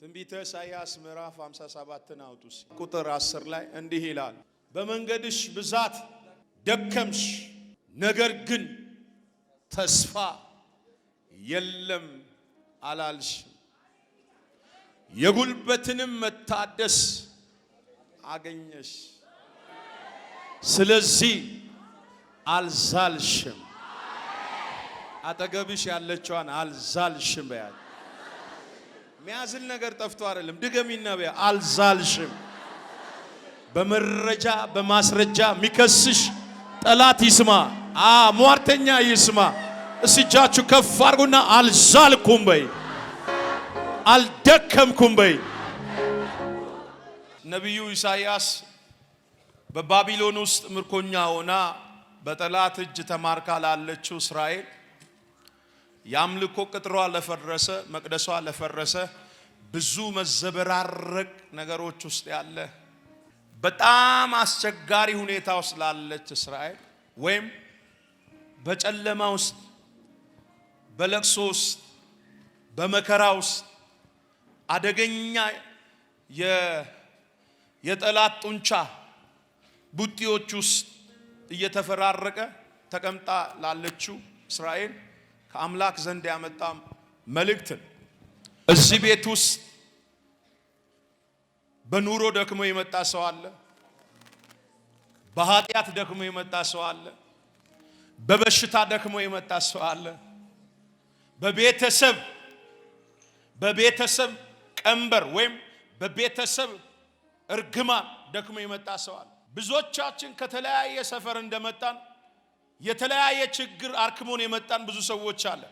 ትንቢተ ኢሳይያስ ምዕራፍ 57ን አውጡስ ቁጥር 10 ላይ እንዲህ ይላል፣ በመንገድሽ ብዛት ደከምሽ፣ ነገር ግን ተስፋ የለም አላልሽም። የጉልበትንም መታደስ አገኘሽ፣ ስለዚህ አልዛልሽም። አጠገብሽ ያለችዋን አልዛልሽም በያት ሚያዝል ነገር ጠፍቶ አይደለም። ድገሚና በያ አልዛልሽም። በመረጃ በማስረጃ ሚከስሽ ጠላት ይስማ፣ አ ሟርተኛ ይስማ። እስጃችሁ ከፍ አርጉና አልዛልኩም በይ፣ አልደከምኩም በይ። ነቢዩ ኢሳይያስ በባቢሎን ውስጥ ምርኮኛ ሆና በጠላት እጅ ተማርካ ላለችው እስራኤል የአምልኮ ቅጥሯ ለፈረሰ፣ መቅደሷ ለፈረሰ፣ ብዙ መዘበራረቅ ነገሮች ውስጥ ያለ በጣም አስቸጋሪ ሁኔታ ውስጥ ላለች እስራኤል ወይም በጨለማ ውስጥ በለቅሶ ውስጥ በመከራ ውስጥ አደገኛ የጠላት ጡንቻ ቡጢዎች ውስጥ እየተፈራረቀ ተቀምጣ ላለችው እስራኤል ከአምላክ ዘንድ ያመጣ መልእክት እዚህ ቤት ውስጥ በኑሮ ደክሞ የመጣ ሰው አለ። በኃጢአት ደክሞ የመጣ ሰው አለ። በበሽታ ደክሞ የመጣ ሰው አለ። በቤተሰብ በቤተሰብ ቀንበር ወይም በቤተሰብ እርግማን ደክሞ የመጣ ሰው አለ። ብዙዎቻችን ከተለያየ ሰፈር እንደመጣን የተለያየ ችግር አርክሞን የመጣን ብዙ ሰዎች አለ።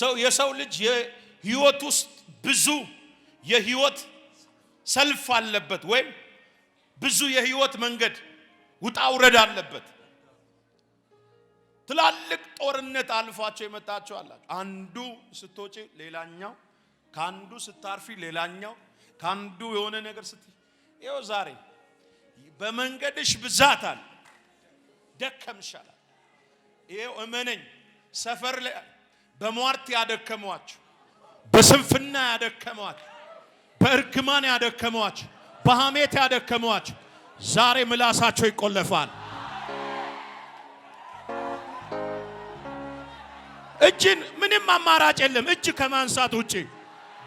ሰው የሰው ልጅ የህይወት ውስጥ ብዙ የህይወት ሰልፍ አለበት፣ ወይም ብዙ የህይወት መንገድ ውጣ ውረድ አለበት። ትላልቅ ጦርነት አልፋቸው የመጣቸው አላቸው። አንዱ ስትወጪ ሌላኛው፣ ከአንዱ ስታርፊ ሌላኛው፣ ከአንዱ የሆነ ነገር ስት ይኸው ዛሬ በመንገድሽ ብዛት አለ ደከም ይሻላል። ይሄው እመነኝ፣ ሰፈር ላይ በሟርት ያደከመዋችሁ፣ በስንፍና ያደከመዋችሁ፣ በእርግማን ያደከመዋችሁ፣ በሐሜት ያደከመዋችሁ ዛሬ ምላሳቸው ይቆለፋል። እጅን ምንም አማራጭ የለም። እጅ ከማንሳት ውጪ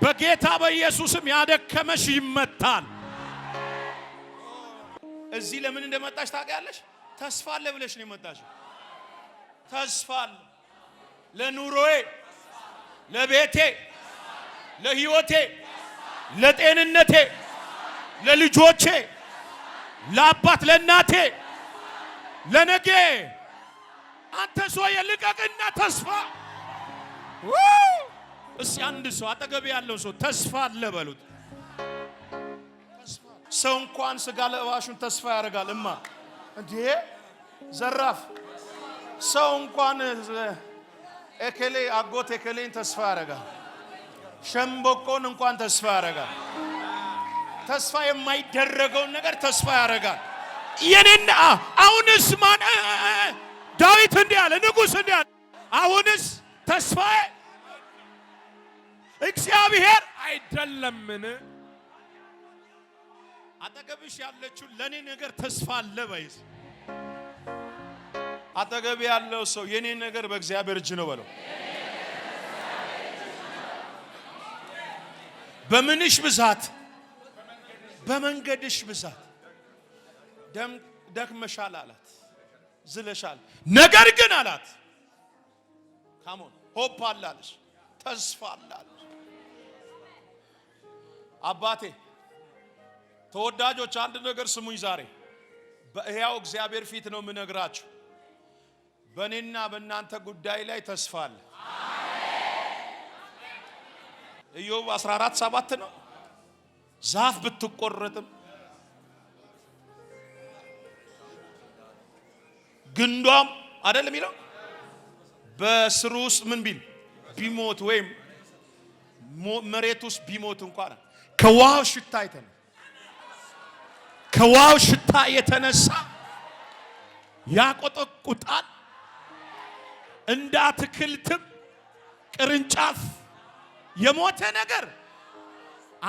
በጌታ በኢየሱስም ያደከመሽ ይመታል። እዚህ ለምን እንደመጣሽ ታውቂያለሽ? ተስፋ አለ ብለሽ ነው የመጣሽው። ተስፋ አለ ለኑሮዬ፣ ለቤቴ፣ ለህይወቴ፣ ለጤንነቴ፣ ለልጆቼ፣ ለአባት ለእናቴ፣ ለነጌ አንተ ሰው የልቀቅና ተስፋ እስቲ አንድ ሰው አጠገቤ ያለው ሰው ተስፋ አለ በሉት። ሰው እንኳን ስጋ ለባሹን ተስፋ ያደርጋል እማ እንዴ ዘራፍ ሰው እንኳን ኤኬሌ አጎት ኤኬሌን ተስፋ ያደርጋል። ሸምበቆን እንኳን ተስፋ ያደርጋል። ተስፋ የማይደረገውን ነገር ተስፋ ያደርጋል። የኔን አሁንስ ማን ዳዊት እንዲህ አለ፣ ንጉሥ እንዲህ አለ፣ አሁንስ ተስፋዬ እግዚአብሔር አይደለምን? አጠገብሽ ያለችው ለኔ ነገር ተስፋ አለ በይስ። አጠገብ ያለው ሰው የኔ ነገር በእግዚአብሔር እጅ ነው በለው። በምንሽ ብዛት በመንገድሽ ብዛት ደክመሻል አላት፣ ዝለሻል። ነገር ግን አላት ካሞን ሆፕ አላለሽ፣ ተስፋ አላለሽ አባቴ ተወዳጆች አንድ ነገር ስሙኝ። ዛሬ በሕያው እግዚአብሔር ፊት ነው የምነግራችሁ። በእኔና በእናንተ ጉዳይ ላይ ተስፋ አለ። ኢዮብ 14 7 ነው። ዛፍ ብትቆረጥም ግንዷም አይደለም የሚለው በስሩ ውስጥ ምን ቢል ቢሞት ወይም መሬት ውስጥ ቢሞት እንኳን ከውሃው ሽታ አይተን ከዋው ሽታ የተነሳ ያቆጠቁጣል። እንደ አትክልትም ቅርንጫፍ የሞተ ነገር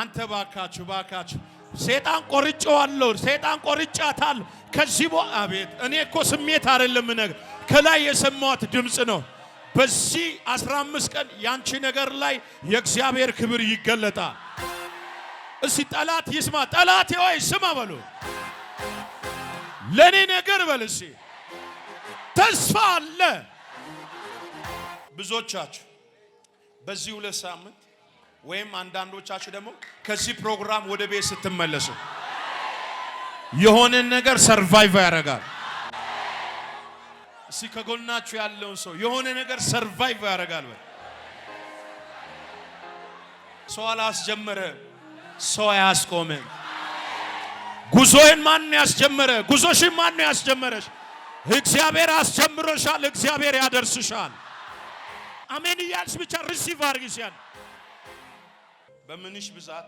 አንተ ባካችሁ ባካችሁ ሴጣን ቆርጬዋለሁ፣ ሴጣን ቆርጫታል። ከዚህ በኋላ አቤት እኔ እኮ ስሜት አይደለም ነገር ከላይ የሰማሁት ድምፅ ነው። በዚህ 15 ቀን ያንቺ ነገር ላይ የእግዚአብሔር ክብር ይገለጣል። እስቲ ጠላት ይስማ። ጠላት ሆይ ስማ በሉ። ለኔ ነገር በል እስቲ ተስፋ አለ። ብዙዎቻችሁ በዚህ ሁለት ሳምንት ወይም አንዳንዶቻችሁ ደግሞ ከዚህ ፕሮግራም ወደ ቤት ስትመለሱ የሆነን ነገር ሰርቫይቭ ያደርጋል። እስቲ ከጎናችሁ ያለውን ሰው የሆነ ነገር ሰርቫይቭ ያደርጋል በል። ሰው ሰው አያስቆምም። ጉዞህን ማን ያስጀመረ? ጉዞሽን ማን ያስጀመረሽ? እግዚአብሔር አስጀምሮሻል። እግዚአብሔር ያደርስሻል። አሜን እያልሽ ብቻ ሪሲቭ አድርጊሻል። በምንሽ ብዛት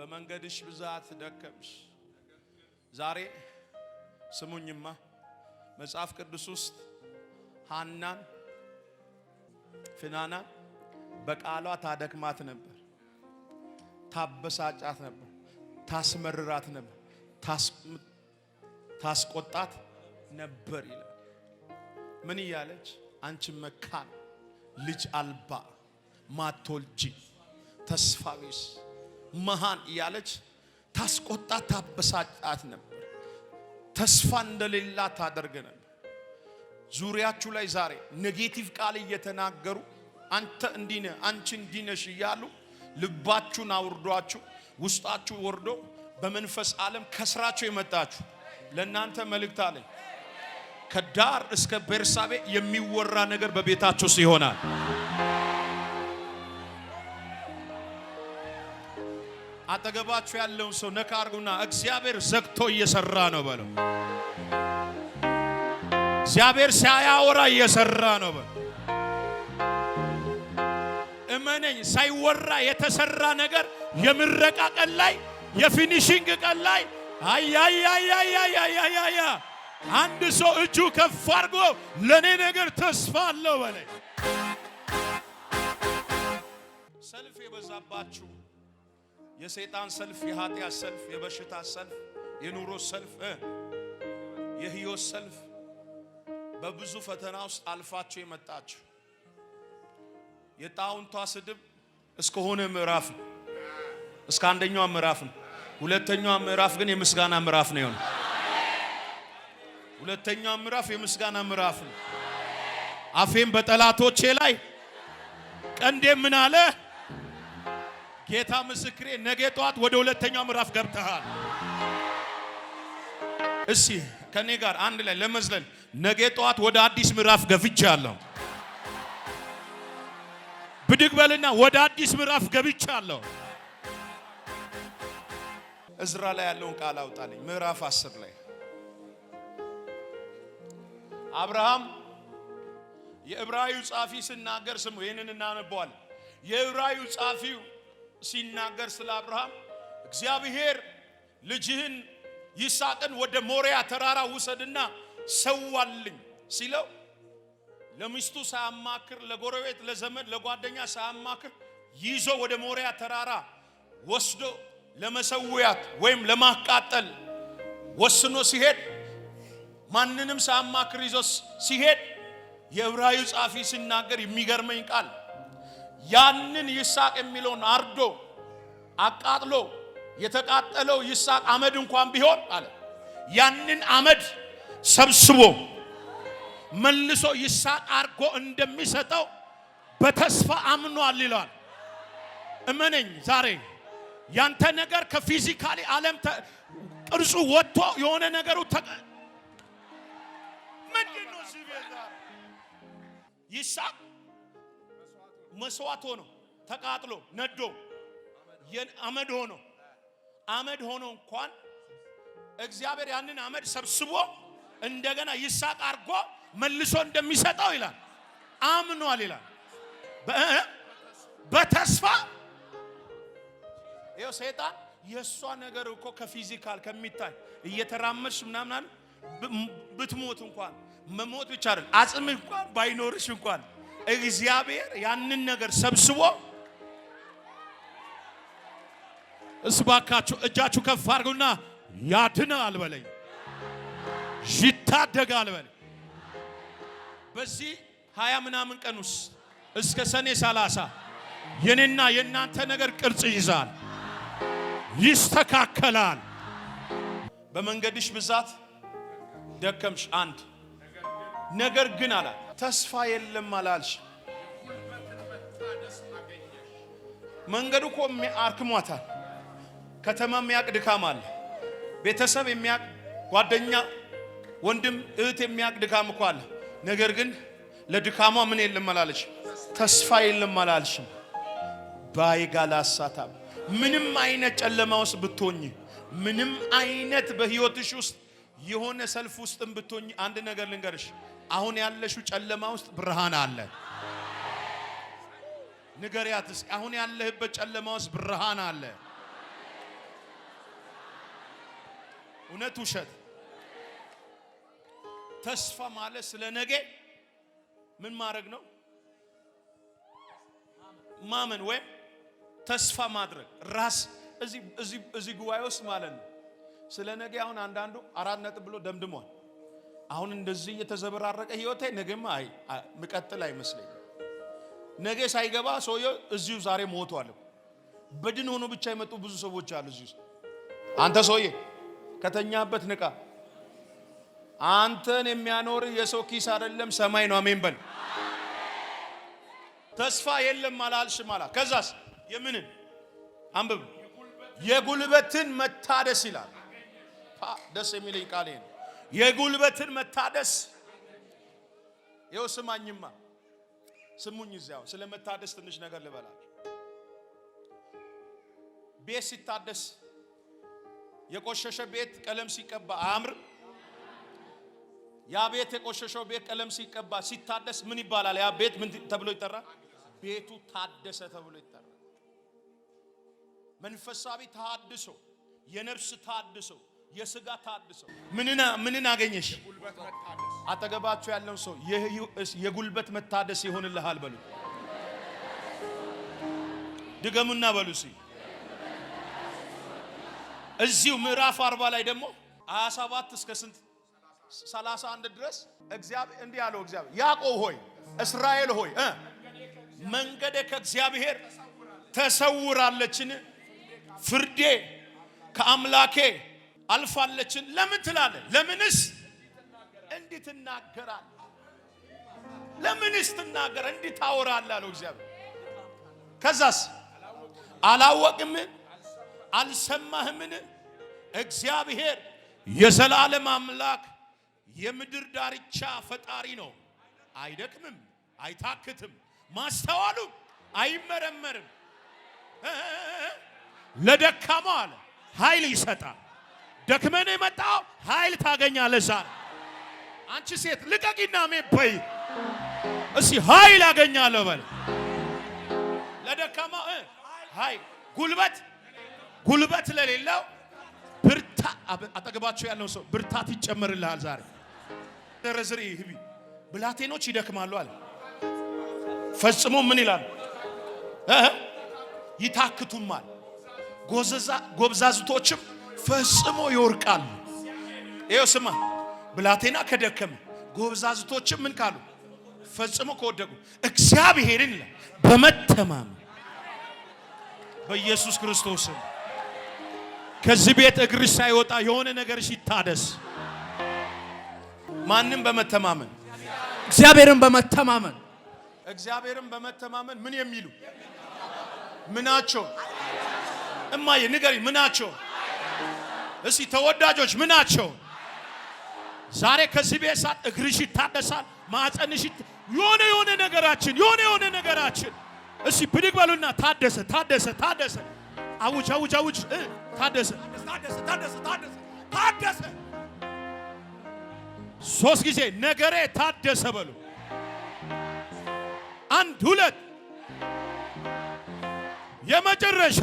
በመንገድሽ ብዛት ደከምሽ። ዛሬ ስሙኝማ መጽሐፍ ቅዱስ ውስጥ ሃናን ፍናናን በቃሏ ታደክማት ነበር፣ ታበሳጫት ነበር፣ ታስመርራት ነበር፣ ታስቆጣት ነበር ይላል። ምን እያለች? አንቺ መካን ልጅ አልባ ማቶልጂ ተስፋ ቢስ መሃን እያለች ታስቆጣት፣ ታበሳጫት ነበር። ተስፋ እንደሌላ ታደርገ ነበር። ዙሪያችሁ ላይ ዛሬ ኔጌቲቭ ቃል እየተናገሩ አንተ እንዲነ አንቺ እንዲነሽ ነሽ እያሉ ልባችሁን አውርዷችሁ ውስጣችሁ ወርዶ በመንፈስ ዓለም ከስራችሁ የመጣችሁ ለእናንተ መልእክት አለኝ። ከዳር እስከ ቤርሳቤ የሚወራ ነገር በቤታችሁ ውስጥ ይሆናል። አጠገባችሁ ያለውን ሰው ነካ አርጉና እግዚአብሔር ዘግቶ እየሰራ ነው በለው። እግዚአብሔር ሲያያወራ እየሰራ ነው በለው። እመነኝ ሳይወራ የተሰራ ነገር የምረቃ ቀን ላይ የፊኒሽንግ ቀን ላይ አያያያያያያያ አንድ ሰው እጁ ከፍ አድርጎ ለእኔ ነገር ተስፋ አለው በለኝ። ሰልፍ የበዛባችሁ የሰይጣን ሰልፍ፣ የኃጢአት ሰልፍ፣ የበሽታ ሰልፍ፣ የኑሮ ሰልፍ፣ የህይወት ሰልፍ በብዙ ፈተና ውስጥ አልፋችሁ የመጣችሁ የጣውንቷ ስድብ እስከሆነ ምዕራፍ ነው፣ እስከ አንደኛዋ ምዕራፍ ነው። ሁለተኛዋ ምዕራፍ ግን የምስጋና ምዕራፍ ነው የሆነ ሁለተኛዋ ምዕራፍ የምስጋና ምዕራፍ ነው። አፌም በጠላቶቼ ላይ ቀንዴ ምን አለ ጌታ ምስክሬ። ነገ ጠዋት ወደ ሁለተኛው ምዕራፍ ገብተሃል። እስኪ ከኔ ጋር አንድ ላይ ለመዝለል ነገ ጠዋት ወደ አዲስ ምዕራፍ ገብቻለሁ። ብድግ በልና ወደ አዲስ ምዕራፍ ገብቻለሁ። እዝራ ላይ ያለውን ቃል አውጣልኝ። ምዕራፍ አስር ላይ አብርሃም የዕብራዩ ጻፊ ሲናገር ስሙ፣ ይህንን እናነበዋለን። የዕብራዩ ጻፊው ሲናገር ስለ አብርሃም እግዚአብሔር ልጅህን ይስሐቅን ወደ ሞሪያ ተራራ ውሰድና ሰዋልኝ ሲለው ለሚስቱ ሳያማክር ለጎረቤት፣ ለዘመድ፣ ለጓደኛ ሳያማክር ይዞ ወደ ሞሪያ ተራራ ወስዶ ለመሰውያት ወይም ለማቃጠል ወስኖ ሲሄድ ማንንም ሳያማክር ይዞ ሲሄድ የዕብራዩ ጻፊ ሲናገር የሚገርመኝ ቃል ያንን ይስሐቅ የሚለውን አርዶ አቃጥሎ የተቃጠለው ይስሐቅ አመድ እንኳን ቢሆን አለ ያንን አመድ ሰብስቦ መልሶ ይስሐቅ አርጎ እንደሚሰጠው በተስፋ አምኗል ይለዋል። እመነኝ ዛሬ ያንተ ነገር ከፊዚካሊ ዓለም ቅርጹ ወጥቶ የሆነ ነገሩ ምንድን ነው? ይስሐቅ መስዋዕት ሆኖ ተቃጥሎ ነዶ አመድ ሆኖ አመድ ሆኖ እንኳን እግዚአብሔር ያንን አመድ ሰብስቦ እንደገና ይስሐቅ አድርጎ መልሶ እንደሚሰጠው ይላል። አምኗል ይላል። በተስፋ ይኸው ሰይጣን የእሷ ነገር እኮ ከፊዚካል ከሚታይ እየተራመድሽ ምናምን አለ ብትሞት እንኳን መሞት ብቻ አይደል አጽም እንኳን ባይኖርሽ እንኳን እግዚአብሔር ያንን ነገር ሰብስቦ እስባካችሁ እጃችሁ ከፍ አድርጉና ያድናል በለኝ ይታደጋል በለኝ በዚህ ሀያ ምናምን ቀን ውስጥ እስከ ሰኔ ሰላሳ የኔና የእናንተ ነገር ቅርጽ ይይዛል፣ ይስተካከላል። በመንገድሽ ብዛት ደከምሽ። አንድ ነገር ግን አላ ተስፋ የለም አላልሽ። መንገዱ እኮ አርክሟታል። ከተማ የሚያቅ ድካም አለ። ቤተሰብ የሚያቅ ጓደኛ፣ ወንድም፣ እህት የሚያቅ ድካም እኮ አለ። ነገር ግን ለድካሟ ምን የለም አላለች፣ ተስፋ የለም አላለችም። ባይጋላሳታ ምንም አይነት ጨለማ ውስጥ ብትሆኝ፣ ምንም አይነት በህይወትሽ ውስጥ የሆነ ሰልፍ ውስጥም ብትሆኝ፣ አንድ ነገር ልንገርሽ፣ አሁን ያለሽው ጨለማ ውስጥ ብርሃን አለ። ንገሪያት እስኪ፣ አሁን ያለህበት ጨለማ ውስጥ ብርሃን አለ። እውነት ውሸት ተስፋ ማለት ስለ ነገ ምን ማድረግ ነው? ማመን ወይም ተስፋ ማድረግ ራስ እዚህ ጉባኤ ውስጥ ማለት ነው። ስለ ነገ አሁን አንዳንዱ አራት ነጥብ ብሎ ደምድሟል። አሁን እንደዚህ እየተዘበራረቀ ህይወቴ ነገማ ምቀጥል አይመስለኝ። ነገ ሳይገባ ሰውየው እዚሁ ዛሬ ሞቷል። በድን ሆኖ ብቻ የመጡ ብዙ ሰዎች አሉ እዚህ አንተ ሰውዬ ከተኛበት ንቃ። አንተን የሚያኖር የሰው ኪስ አይደለም፣ ሰማይ ነው። አሜን በል። ተስፋ የለም አላልሽም ማላ። ከዛስ የምንን አንብብ የጉልበትን መታደስ ይላል። ደስ የሚለኝ ቃል ነው። የጉልበትን መታደስ ይኸው። ስማኝማ ስሙኝ፣ እዚያው ስለ መታደስ ትንሽ ነገር ልበላችሁ። ቤት ሲታደስ የቆሸሸ ቤት ቀለም ሲቀባ አምር ያ ቤት የቆሸሸው ቤት ቀለም ሲቀባ ሲታደስ ምን ይባላል? ያ ቤት ምን ተብሎ ይጠራል? ቤቱ ታደሰ ተብሎ ይጠራ። መንፈሳዊ ታድሶ፣ የነፍስ ታድሶ፣ የስጋ ምንና ምንን አገኘሽ? አጠገባችሁ ያለውን ሰው የጉልበት መታደስ ይሆንልሃል በሉ። ድገሙና በሉ ሲ እዚሁ ምዕራፍ አርባ ላይ ደግሞ 27 እስከ ስንት 31 ድረስ እግዚአብሔር እንዲህ ያለው እግዚአብሔር ያዕቆብ ሆይ እስራኤል ሆይ መንገዴ ከእግዚአብሔር ተሰውራለችን? ፍርዴ ከአምላኬ አልፋለችን? ለምን ትላለ? ለምንስ እንዲህ ትናገራለህ? ለምንስ ትናገር እንዲህ ታወራለ? አለው እግዚአብሔር። ከዛስ አላወቅምን? አልሰማህምን? እግዚአብሔር የዘላለም አምላክ የምድር ዳርቻ ፈጣሪ ነው። አይደክምም፣ አይታክትም፣ ማስተዋሉ አይመረመርም። ለደካማ አለ ኃይል ይሰጣል። ደክመን የመጣው ኃይል ታገኛለህ ዛሬ። አንቺ ሴት ልቀቂና ሜበይ እስቲ ኃይል አገኛለሁ በል። ለደካማ ኃይል ጉልበት ጉልበት ለሌለው ብርታ አጠገባቸው ያለው ሰው ብርታት ይጨመርልሃል ዛሬ ዘረዝሪ ህቢ ብላቴኖች ይደክማሉ አለ። ፈጽሞ ምን ይላሉ? ይታክቱማል። ጎብዛዝቶችም ፈጽሞ ይወርቃሉ። ይኸው ስማ፣ ብላቴና ከደከመ ጎብዛዝቶችም ምን ካሉ ፈጽሞ ከወደቁ እግዚአብሔርን በመተማመን በኢየሱስ ክርስቶስም ከዚህ ቤት እግርሽ ሳይወጣ የሆነ ነገር ሲታደስ? ማንም በመተማመን እግዚአብሔርን በመተማመን እግዚአብሔርን በመተማመን ምን የሚሉ ምናቸው? እማዬ ንገሪ፣ ምናቸው? እስቲ ተወዳጆች ምናቸው? ዛሬ ከዚህ ቤት ሰዓት እግርሽ ይታደሳል፣ ማጸንሽ የሆነ የሆነ ነገራችን የሆነ የሆነ ነገራችን እስቲ ብድግ በሉና ታደሰ፣ ታደሰ፣ ታደሰ፣ አውጅ፣ አውጅ፣ አውጅ፣ ታደሰ፣ ታደሰ፣ ታደሰ፣ ታደሰ ሶስት ጊዜ ነገሬ ታደሰ በሉ። አንድ ሁለት የመጨረሻ